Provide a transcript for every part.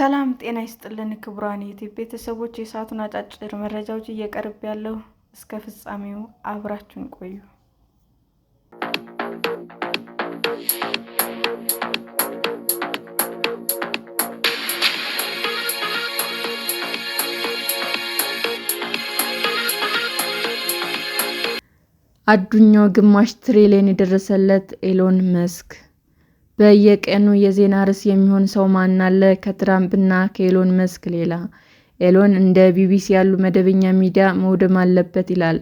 ሰላም ጤና ይስጥልን ክቡራን ዩቲዩብ ቤተሰቦች፣ የሰዓቱን አጫጭር መረጃዎች እየቀርብ ያለው እስከ ፍጻሜው አብራችሁን ቆዩ። አዱኛው ግማሽ ትሪሊየን የደረሰለት ኤሎን መስክ በየቀኑ የዜና ርዕስ የሚሆን ሰው ማን አለ? ከትራምፕ እና ከኤሎን መስክ ሌላ፣ ኤሎን እንደ ቢቢሲ ያሉ መደበኛ ሚዲያ መውደም አለበት ይላል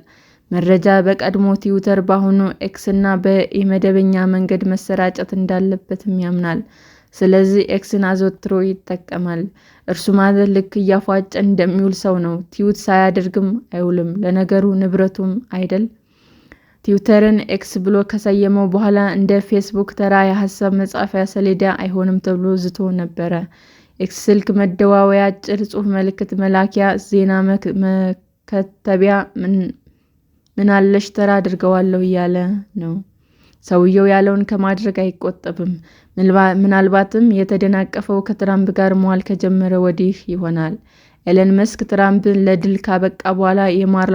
መረጃ በቀድሞ ትዊተር በአሁኑ ኤክስ እና በኢ-መደበኛ መንገድ መሰራጨት እንዳለበትም ያምናል። ስለዚህ ኤክስን አዘወትሮ ይጠቀማል። እርሱ ማለት ልክ እያፏጨ እንደሚውል ሰው ነው። ትዊት ሳያደርግም አይውልም። ለነገሩ ንብረቱም አይደል? ትዊተርን ኤክስ ብሎ ከሰየመው በኋላ እንደ ፌስቡክ ተራ የሐሳብ መጻፊያ ሰሌዳ አይሆንም ተብሎ ዝቶ ነበረ። ኤክስ ስልክ መደዋወያ፣ አጭር ጽሑፍ መልዕክት መላኪያ፣ ዜና መከተቢያ፣ ምናለሽ ተራ አድርገዋለሁ እያለ ነው። ሰውየው ያለውን ከማድረግ አይቆጠብም። ምናልባትም የተደናቀፈው ከትራምፕ ጋር መዋል ከጀመረ ወዲህ ይሆናል። ኤለን መስክ ትራምፕን ለድል ካበቃ በኋላ የማር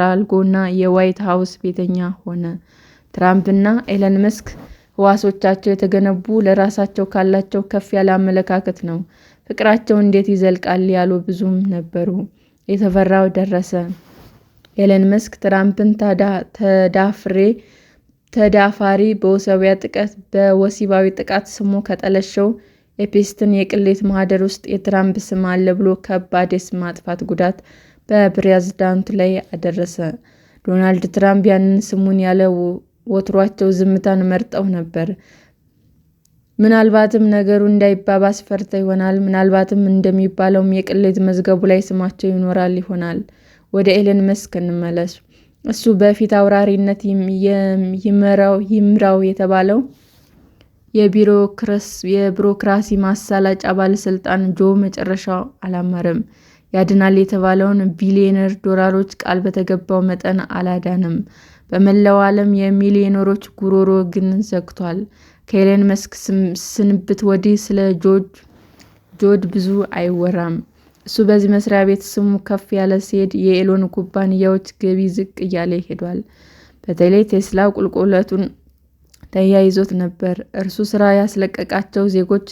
እና የዋይት ሃውስ ቤተኛ ሆነ። ትራምፕና ኤለን መስክ ህዋሶቻቸው የተገነቡ ለራሳቸው ካላቸው ከፍ ያለ አመለካከት ነው። ፍቅራቸው እንዴት ይዘልቃል ያሉ ብዙም ነበሩ። የተፈራው ደረሰ። ኤለን መስክ ትራምፕን ተዳፍሬ ተዳፋሪ በወሲባዊ ጥቃት ስሞ ከጠለሸው ኤፒስትን የቅሌት ማህደር ውስጥ የትራምፕ ስም አለ ብሎ ከባድ የስም ማጥፋት ጉዳት በፕሬዝዳንቱ ላይ አደረሰ። ዶናልድ ትራምፕ ያንን ስሙን ያለ ወትሯቸው ዝምታን መርጠው ነበር። ምናልባትም ነገሩ እንዳይባባስ ፈርተ ይሆናል። ምናልባትም እንደሚባለውም የቅሌት መዝገቡ ላይ ስማቸው ይኖራል ይሆናል። ወደ ኤለን መስክ እንመለስ። እሱ በፊት አውራሪነት ይምራው የተባለው የቢሮክራሲ ማሳለጫ ባለስልጣን ጆ መጨረሻው አላማረም። ያድናል የተባለውን ቢሊዮነር ዶላሮች ቃል በተገባው መጠን አላዳንም። በመላው ዓለም የሚሊዮነሮች ጉሮሮ ግን ዘግቷል። ከኤለን መስክ ስንብት ወዲህ ስለ ጆድ ብዙ አይወራም። እሱ በዚህ መስሪያ ቤት ስሙ ከፍ ያለ ሲሄድ፣ የኤሎን ኩባንያዎች ገቢ ዝቅ እያለ ሄዷል። በተለይ ቴስላ ቁልቁለቱን ተያይዞት ነበር። እርሱ ሥራ ያስለቀቃቸው ዜጎች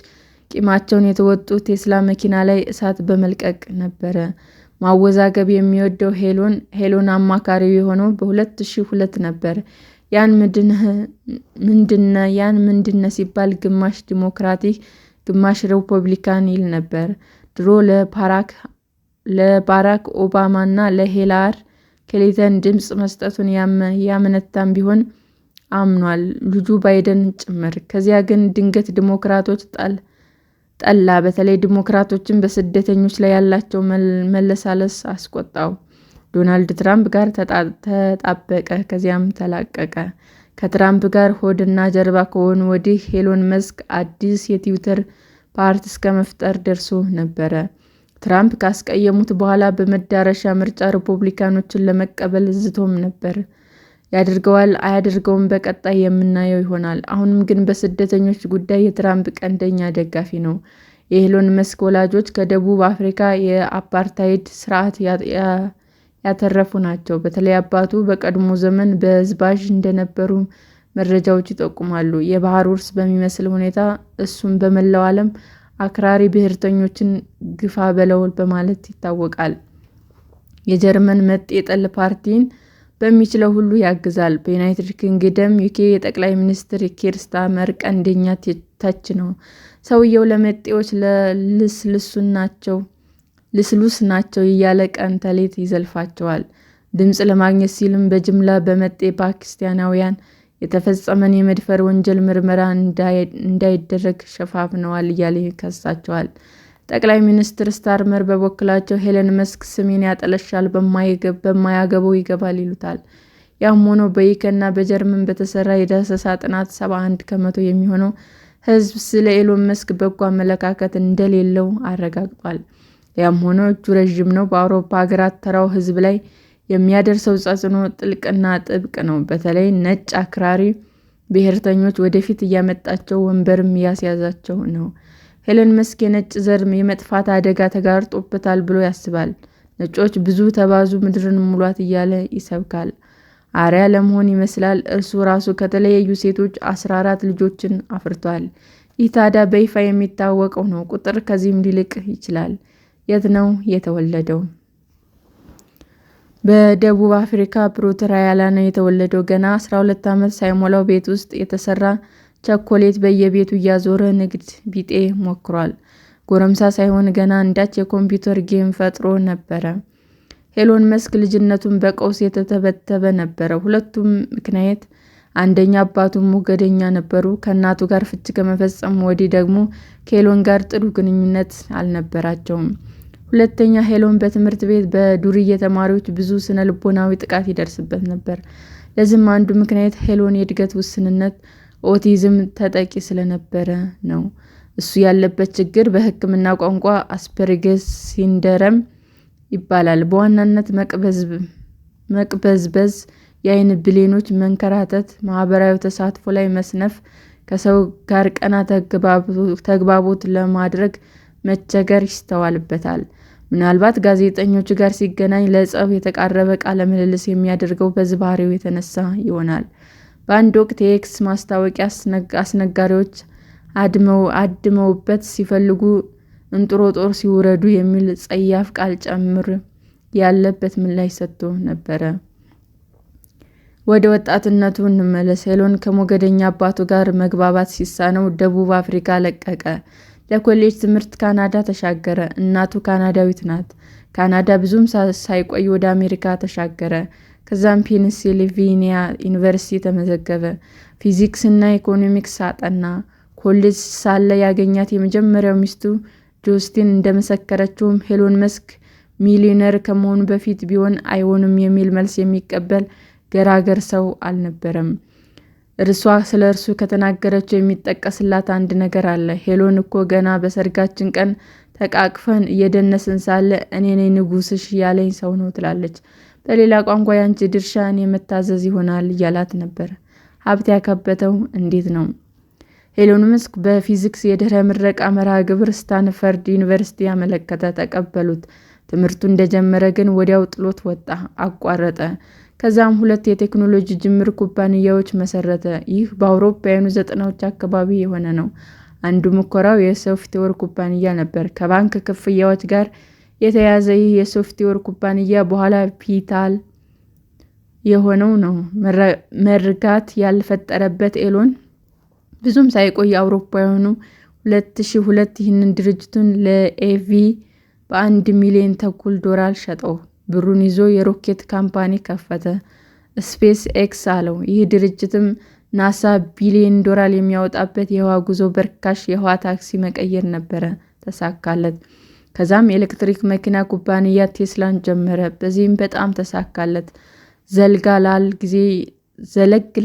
ቂማቸውን የተወጡት ቴስላ መኪና ላይ እሳት በመልቀቅ ነበረ። ማወዛገብ የሚወደው ሄሎን ሄሎን አማካሪው የሆነው በ2002 ነበር። ያን ምንድነ ያን ምንድነ ሲባል ግማሽ ዲሞክራቲክ ግማሽ ሪፐብሊካን ይል ነበር። ድሮ ለባራክ ኦባማና ለሂላሪ ክሊንተን ድምፅ መስጠቱን ያመነታም ቢሆን አምኗል፣ ልጁ ባይደን ጭምር። ከዚያ ግን ድንገት ዲሞክራቶች ጠላ። በተለይ ዲሞክራቶችን በስደተኞች ላይ ያላቸው መለሳለስ አስቆጣው። ዶናልድ ትራምፕ ጋር ተጣበቀ፣ ከዚያም ተላቀቀ። ከትራምፕ ጋር ሆድና ጀርባ ከሆኑ ወዲህ ኤሎን መስክ አዲስ የትዊተር ፓርት እስከ መፍጠር ደርሶ ነበረ። ትራምፕ ካስቀየሙት በኋላ በመዳረሻ ምርጫ ሪፐብሊካኖችን ለመቀበል ዝቶም ነበር። ያደርገዋል አያደርገውም በቀጣይ የምናየው ይሆናል። አሁንም ግን በስደተኞች ጉዳይ የትራምፕ ቀንደኛ ደጋፊ ነው። የኤሎን መስክ ወላጆች ከደቡብ አፍሪካ የአፓርታይድ ስርዓት ያተረፉ ናቸው። በተለይ አባቱ በቀድሞ ዘመን በዝባዥ እንደነበሩ መረጃዎች ይጠቁማሉ። የባህር ውርስ በሚመስል ሁኔታ እሱም በመላው ዓለም አክራሪ ብሔርተኞችን ግፋ በለው በማለት ይታወቃል። የጀርመን መጤ ጠል ፓርቲን በሚችለው ሁሉ ያግዛል። በዩናይትድ ኪንግደም ዩኬ የጠቅላይ ሚኒስትር ኪር ስታርመር ቀንደኛ ተች ነው። ሰውየው ለመጤዎች ልስሉስ ናቸው እያለ ቀን ተሌት ይዘልፋቸዋል። ድምፅ ለማግኘት ሲልም በጅምላ በመጤ ፓኪስታናውያን የተፈጸመን የመድፈር ወንጀል ምርመራ እንዳይደረግ ሸፋፍነዋል እያለ ይከሳቸዋል። ጠቅላይ ሚኒስትር ስታርመር በበኩላቸው ሄለን መስክ ስሜን ያጠለሻል፣ በማያገባው ይገባል ይሉታል። ያም ሆኖ በዩኬና በጀርመን በተሰራ የዳሰሳ ጥናት 71 ከመቶ የሚሆነው ህዝብ ስለ ኤሎን መስክ በጎ አመለካከት እንደሌለው አረጋግጧል። ያም ሆኖ እጁ ረዥም ነው። በአውሮፓ ሀገራት ተራው ሕዝብ ላይ የሚያደርሰው ተጽዕኖ ጥልቅና ጥብቅ ነው። በተለይ ነጭ አክራሪ ብሔርተኞች ወደፊት እያመጣቸው ወንበርም እያስያዛቸው ነው። ሄለን መስክ የነጭ ዘር የመጥፋት አደጋ ተጋርጦበታል ብሎ ያስባል። ነጮች ብዙ ተባዙ ምድርን ሙሏት እያለ ይሰብካል። አርያ ለመሆን ይመስላል። እርሱ ራሱ ከተለያዩ ሴቶች 14 ልጆችን አፍርቷል። ይህ ታዲያ በይፋ የሚታወቀው ነው። ቁጥር ከዚህም ሊልቅ ይችላል። የት ነው የተወለደው? በደቡብ አፍሪካ ፕሪቶሪያ ነው የተወለደው። ገና 12 ዓመት ሳይሞላው ቤት ውስጥ የተሰራ ቸኮሌት በየቤቱ እያዞረ ንግድ ቢጤ ሞክሯል። ጎረምሳ ሳይሆን ገና አንዳች የኮምፒውተር ጌም ፈጥሮ ነበረ። ሄሎን መስክ ልጅነቱን በቀውስ የተተበተበ ነበረ። ሁለቱም ምክንያት አንደኛ አባቱ ሞገደኛ ነበሩ። ከእናቱ ጋር ፍች ከመፈጸሙ ወዲህ ደግሞ ከሄሎን ጋር ጥሩ ግንኙነት አልነበራቸውም። ሁለተኛ ሄሎን በትምህርት ቤት በዱርዬ ተማሪዎች ብዙ ስነ ልቦናዊ ጥቃት ይደርስበት ነበር። ለዚህም አንዱ ምክንያት ሄሎን የእድገት ውስንነት ኦቲዝም ተጠቂ ስለነበረ ነው። እሱ ያለበት ችግር በሕክምና ቋንቋ አስፐርገስ ሲንደረም ይባላል። በዋናነት መቅበዝበዝ፣ የአይን ብሌኖች መንከራተት፣ ማህበራዊ ተሳትፎ ላይ መስነፍ፣ ከሰው ጋር ቀና ተግባቦት ለማድረግ መቸገር ይስተዋልበታል። ምናልባት ጋዜጠኞች ጋር ሲገናኝ ለጸብ የተቃረበ ቃለ ምልልስ የሚያደርገው በዚህ ባህሪው የተነሳ ይሆናል። በአንድ ወቅት የኤክስ ማስታወቂያ አስነጋሪዎች አድመውበት ሲፈልጉ እንጥሮጦር ሲውረዱ የሚል ጸያፍ ቃል ጭምር ያለበት ምላሽ ሰጥቶ ነበረ። ወደ ወጣትነቱ እንመለስ። ሄለን ከሞገደኛ አባቱ ጋር መግባባት ሲሳነው ደቡብ አፍሪካ ለቀቀ። ለኮሌጅ ትምህርት ካናዳ ተሻገረ። እናቱ ካናዳዊት ናት። ካናዳ ብዙም ሳይቆይ ወደ አሜሪካ ተሻገረ። ከዛም ፔንሲልቬኒያ ዩኒቨርሲቲ ተመዘገበ። ፊዚክስ እና ኢኮኖሚክስ አጠና። ኮሌጅ ሳለ ያገኛት የመጀመሪያው ሚስቱ ጆስቲን እንደመሰከረችውም ሄሎን መስክ ሚሊዮነር ከመሆኑ በፊት ቢሆን አይሆንም የሚል መልስ የሚቀበል ገራገር ሰው አልነበረም። እርሷ ስለ እርሱ ከተናገረችው የሚጠቀስላት አንድ ነገር አለ። ሄሎን እኮ ገና በሰርጋችን ቀን ተቃቅፈን እየደነስን ሳለ እኔ ነኝ ያለኝ ሰው ነው ትላለች። በሌላ ቋንቋ የአንቺ ድርሻን የመታዘዝ ይሆናል እያላት ነበር። ሀብት ያካበተው እንዴት ነው? ኤሎን መስክ በፊዚክስ የድህረ ምረቃ መርሃ ግብር ስታንፈርድ ዩኒቨርሲቲ ያመለከተ፣ ተቀበሉት። ትምህርቱ እንደጀመረ ግን ወዲያው ጥሎት ወጣ፣ አቋረጠ። ከዛም ሁለት የቴክኖሎጂ ጅምር ኩባንያዎች መሰረተ። ይህ በአውሮፓውያኑ ዘጠናዎች አካባቢ የሆነ ነው። አንዱ ምኮራው የሶፍትዌር ኩባንያ ነበር። ከባንክ ክፍያዎች ጋር የተያዘ ይህ የሶፍትዌር ኩባንያ በኋላ ፒታል የሆነው ነው። መርጋት ያልፈጠረበት ኤሎን ብዙም ሳይቆይ አውሮፓውያኑ 2002 ይህንን ድርጅቱን ለኤቪ በአንድ ሚሊዮን ተኩል ዶላር ሸጠው ብሩን ይዞ የሮኬት ካምፓኒ ከፈተ፣ ስፔስ ኤክስ አለው። ይህ ድርጅትም ናሳ ቢሊዮን ዶላር የሚያወጣበት የህዋ ጉዞ በርካሽ የህዋ ታክሲ መቀየር ነበረ። ተሳካለት። ከዛም የኤሌክትሪክ መኪና ኩባንያ ቴስላን ጀመረ። በዚህም በጣም ተሳካለት። ዘለግ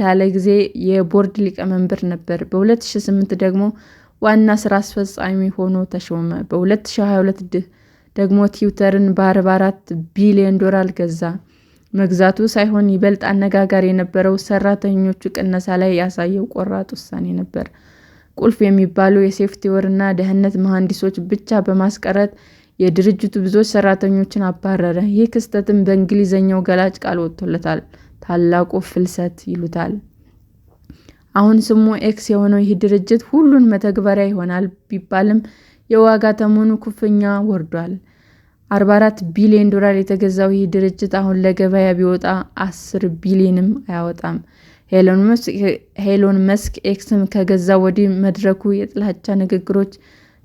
ላለ ጊዜ የቦርድ ሊቀመንበር ነበር። በ2008 ደግሞ ዋና ሥራ አስፈጻሚ ሆኖ ተሾመ። በ2022 ደግሞ ትዊተርን በ44 ቢሊዮን ዶላር ገዛ። መግዛቱ ሳይሆን ይበልጥ አነጋጋሪ የነበረው ሰራተኞቹ ቅነሳ ላይ ያሳየው ቆራጥ ውሳኔ ነበር። ቁልፍ የሚባሉ የሶፍትዌርና ደህንነት መሐንዲሶች ብቻ በማስቀረት የድርጅቱ ብዙዎች ሰራተኞችን አባረረ። ይህ ክስተትም በእንግሊዝኛው ገላጭ ቃል ወጥቶለታል። ታላቁ ፍልሰት ይሉታል። አሁን ስሙ ኤክስ የሆነው ይህ ድርጅት ሁሉን መተግበሪያ ይሆናል ቢባልም የዋጋ ተመኑ ክፉኛ ወርዷል። 44 ቢሊዮን ዶላር የተገዛው ይህ ድርጅት አሁን ለገበያ ቢወጣ 10 ቢሊዮንም አያወጣም። ኤሎን መስክ ኤክስም ከገዛ ወዲህ መድረኩ የጥላቻ ንግግሮች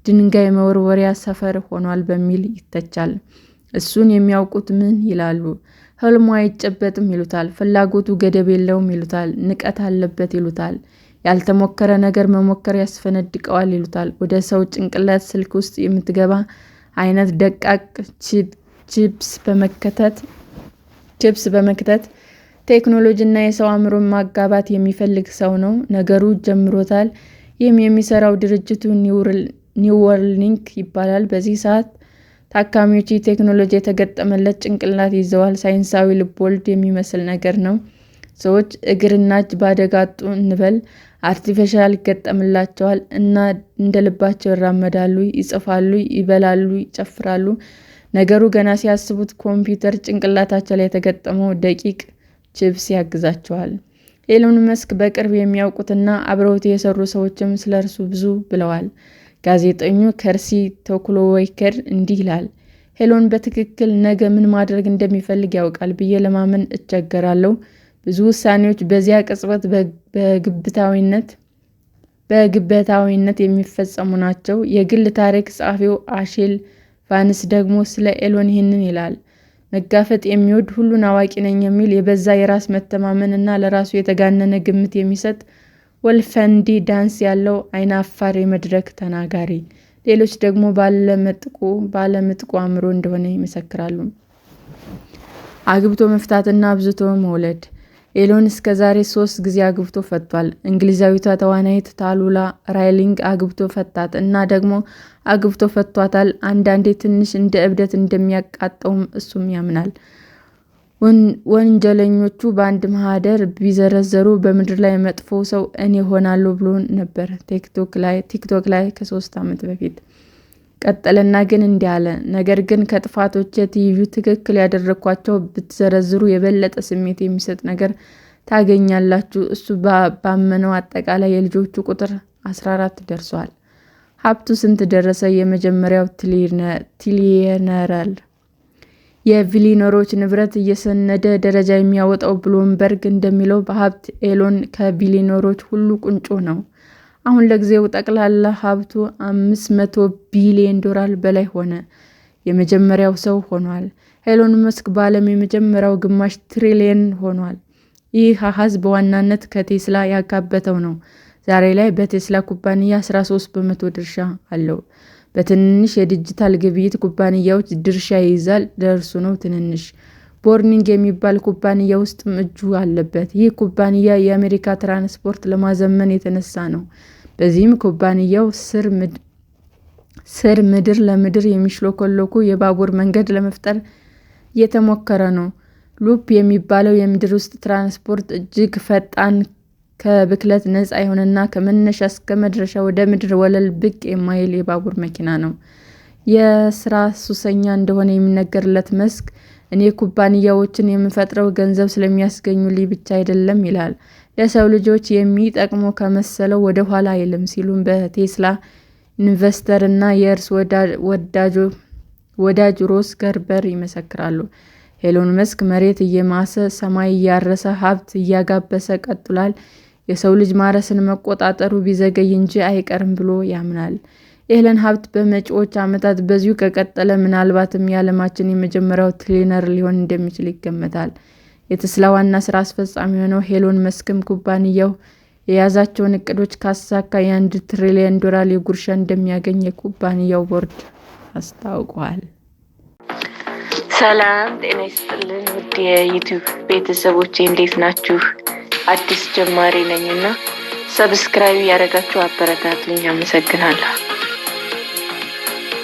ድንጋይ መወርወሪያ ሰፈር ሆኗል በሚል ይተቻል። እሱን የሚያውቁት ምን ይላሉ? ህልሙ አይጨበጥም ይሉታል። ፍላጎቱ ገደብ የለውም ይሉታል። ንቀት አለበት ይሉታል። ያልተሞከረ ነገር መሞከር ያስፈነድቀዋል ይሉታል። ወደ ሰው ጭንቅላት ስልክ ውስጥ የምትገባ አይነት ደቃቅ ቺፕስ በመክተት ቴክኖሎጂና የሰው አእምሮን ማጋባት የሚፈልግ ሰው ነው። ነገሩ ጀምሮታል። ይህም የሚሰራው ድርጅቱ ኒውራሊንክ ይባላል። በዚህ ሰዓት ታካሚዎች ቴክኖሎጂ የተገጠመለት ጭንቅላት ይዘዋል። ሳይንሳዊ ልቦለድ የሚመስል ነገር ነው። ሰዎች እግርና እጅ በአደጋ አጡ እንበል፣ አርቲፊሻል ይገጠምላቸዋል እና እንደ ልባቸው ይራመዳሉ፣ ይጽፋሉ፣ ይበላሉ፣ ይጨፍራሉ። ነገሩ ገና ሲያስቡት ኮምፒውተር ጭንቅላታቸው ላይ የተገጠመው ደቂቅ ቺፕስ ያግዛቸዋል። ኤሎን መስክ በቅርብ የሚያውቁትና አብረውት የሰሩ ሰዎችም ስለ እርሱ ብዙ ብለዋል። ጋዜጠኙ ከርሲ ቶክሎዌከር እንዲህ ይላል። ኤሎን በትክክል ነገ ምን ማድረግ እንደሚፈልግ ያውቃል ብዬ ለማመን እቸገራለሁ። ብዙ ውሳኔዎች በዚያ ቅጽበት በግብታዊነት የሚፈጸሙ ናቸው። የግል ታሪክ ጸሐፊው አሼል ቫንስ ደግሞ ስለ ኤሎን ይህንን ይላል። መጋፈጥ የሚወድ ሁሉን አዋቂ ነኝ የሚል የበዛ የራስ መተማመን እና ለራሱ የተጋነነ ግምት የሚሰጥ ወልፈንዲ ዳንስ ያለው አፋር የመድረክ ተናጋሪ፣ ሌሎች ደግሞ ባለመጥቁ ባለምጥቁ አእምሮ እንደሆነ ይመሰክራሉ። አግብቶ መፍታትና አብዝቶ መውለድ ኤሎን እስከ ዛሬ ሶስት ጊዜ አግብቶ ፈቷል። እንግሊዛዊቷ ተዋናይት ታሉላ ራይሊንግ አግብቶ ፈታት እና ደግሞ አግብቶ ፈቷታል። አንዳንዴ ትንሽ እንደ እብደት እንደሚያቃጣውም እሱም ያምናል። ወንጀለኞቹ በአንድ ማህደር ቢዘረዘሩ በምድር ላይ መጥፎ ሰው እኔ ሆናለሁ ብሎ ነበር ቲክቶክ ላይ ከሶስት ዓመት በፊት ቀጠለና ግን እንዲህ አለ፣ ነገር ግን ከጥፋቶቼ ትይዩ ትክክል ያደረግኳቸው ብትዘረዝሩ የበለጠ ስሜት የሚሰጥ ነገር ታገኛላችሁ። እሱ ባመነው አጠቃላይ የልጆቹ ቁጥር 14 ደርሷል። ሀብቱ ስንት ደረሰ? የመጀመሪያው ትሪሊየነር የቢሊዮነሮች ንብረት እየሰነደ ደረጃ የሚያወጣው ብሉምበርግ እንደሚለው በሀብት ኤሎን ከቢሊዮነሮች ሁሉ ቁንጮ ነው። አሁን ለጊዜው ጠቅላላ ሀብቱ አምስት መቶ ቢሊዮን ዶላር በላይ ሆነ የመጀመሪያው ሰው ሆኗል። ኤሎን መስክ በዓለም የመጀመሪያው ግማሽ ትሪሊየን ሆኗል። ይህ አሃዝ በዋናነት ከቴስላ ያካበተው ነው። ዛሬ ላይ በቴስላ ኩባንያ 13 በመቶ ድርሻ አለው። በትንንሽ የዲጂታል ግብይት ኩባንያዎች ድርሻ ይይዛል። ለእርሱ ነው ትንንሽ ቦርኒንግ የሚባል ኩባንያ ውስጥም እጁ አለበት። ይህ ኩባንያ የአሜሪካ ትራንስፖርት ለማዘመን የተነሳ ነው። በዚህም ኩባንያው ስር ምድር ለምድር የሚሽሎኮለኩ የባቡር መንገድ ለመፍጠር እየተሞከረ ነው። ሉፕ የሚባለው የምድር ውስጥ ትራንስፖርት እጅግ ፈጣን፣ ከብክለት ነፃ የሆነና ከመነሻ እስከ መድረሻ ወደ ምድር ወለል ብቅ የማይል የባቡር መኪና ነው። የስራ ሱሰኛ እንደሆነ የሚነገርለት መስክ እኔ ኩባንያዎችን የምፈጥረው ገንዘብ ስለሚያስገኙልኝ ብቻ አይደለም ይላል። ለሰው ልጆች የሚጠቅሙ ከመሰለው ወደ ኋላ አይልም ሲሉም በቴስላ ኢንቨስተር እና የእርስ ወዳጅ ሮስ ገርበር ይመሰክራሉ። ኤሎን መስክ መሬት እየማሰ ሰማይ እያረሰ ሀብት እያጋበሰ ቀጥሏል። የሰው ልጅ ማረስን መቆጣጠሩ ቢዘገይ እንጂ አይቀርም ብሎ ያምናል። የሄለን ሀብት በመጪዎች ዓመታት በዚሁ ከቀጠለ ምናልባትም የዓለማችን የመጀመሪያው ትሪሊየነር ሊሆን እንደሚችል ይገመታል። የቴስላ ዋና ስራ አስፈጻሚ የሆነው ኤሎን መስክም ኩባንያው የያዛቸውን እቅዶች ካሳካ የአንድ ትሪሊየን ዶላር የጉርሻ እንደሚያገኝ የኩባንያው ቦርድ አስታውቋል። ሰላም ጤና ይስጥልን ውድ የዩቱብ ቤተሰቦች እንዴት ናችሁ? አዲስ ጀማሪ ነኝና ሰብስክራይብ ያደረጋችሁ አበረታትልኝ። አመሰግናለሁ።